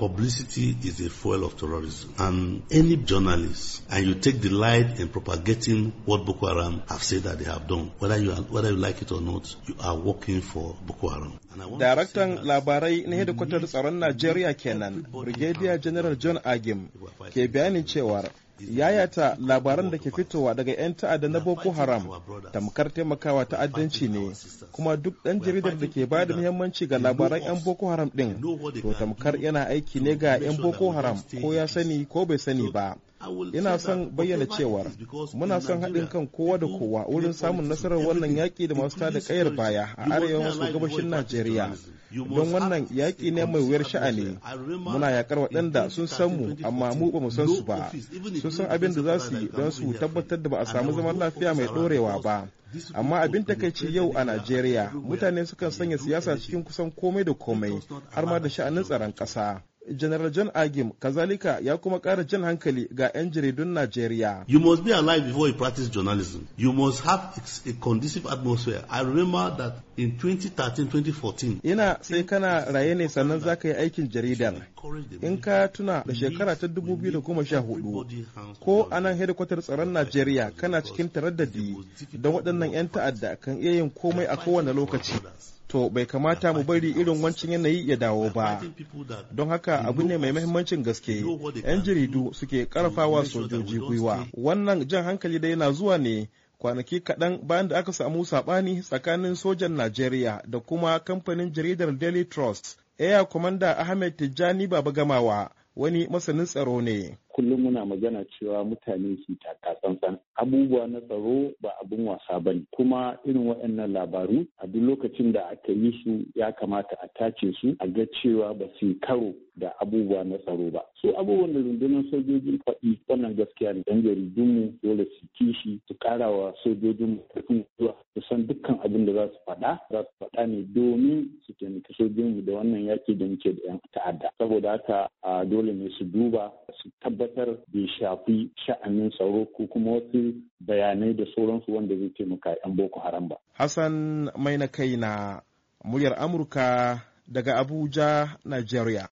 publicity is a fuel of terrorism. And any journalist, and you take delight in propagating what Boko Haram have said that they have done, whether you, are, whether you like it or not, you are working for Boko Haram. Daraktan labarai na hedikwatar tsaron Najeriya kenan, Brigadier General John Agim, ke bayanin cewar yayata labaran da ke fitowa daga 'yan ta'adda na boko haram tamkar taimakawa ta'addanci ne kuma duk ɗan jaridar da ke bada muhimmanci ga labaran 'yan boko haram ɗin to tamkar yana aiki ne ga 'yan boko haram ko ya sani ko bai sani ba ina son bayyana cewar muna son haɗin kan kowa da kowa wurin samun nasarar wannan yaƙi da masu tada ƙayar baya a arewa maso gabashin najeriya don wannan yaƙi ne mai wuyar sha'ani muna yaƙar waɗanda sun san mu amma mu ba mu san su ba sun san abin da za su yi don su tabbatar da ba a samu zaman lafiya mai ɗorewa ba amma abin takaici yau a najeriya mutane sukan sanya siyasa cikin kusan komai da komai har ma da sha'anin tsaron ƙasa General John Agim kazalika ya kuma ƙara jan hankali ga 'yan jaridun Najeriya. You must be alive before you practice journalism. You must have a conducive atmosphere. I remember that in 2013-2014. Ina sai kana raye ne sannan za ka yi aikin jaridar. In ka tuna da shekara ta 2014 ko a nan hedikwatar tsaron Najeriya kana cikin taraddadi don waɗannan 'yan ta'adda kan iya yin komai a kowane lokaci. to bai kamata mu bari irin wancan yanayi ya dawo ba don haka abu ne mai mahimmancin gaske 'yan jaridu suke karfawa sojoji gwiwa wannan jan hankali da yana zuwa ne kwanaki kaɗan bayan da aka samu saɓani tsakanin sojan najeriya da kuma kamfanin jaridar daily trust air commander ahmed tijjani baba gamawa wani masanin tsaro ne kullum muna magana cewa mutane su tsantsan. abubuwa na tsaro ba abin wasa ba ne kuma irin waɗannan labaru a duk lokacin da aka yi su ya kamata a tace su a ga cewa ba su karo da abubuwa na tsaro ba su abubuwan da rundunar sojojin faɗi wannan gaskiya ne dan jaridunmu dole su kishi su wa sojojin karfin zuwa san dukkan abin da za su faɗa za su faɗa ne domin su taimaki sojojinmu da wannan yaƙi da muke da 'yan ta'adda saboda haka a dole ne su duba su tabbatar bai shafi sha'anin tsaro ko kuma wasu bayanai da sauransu wanda zai taimaka 'yan boko haram ba. Hassan mai na kai na muryar Amurka daga Abuja, Najeriya.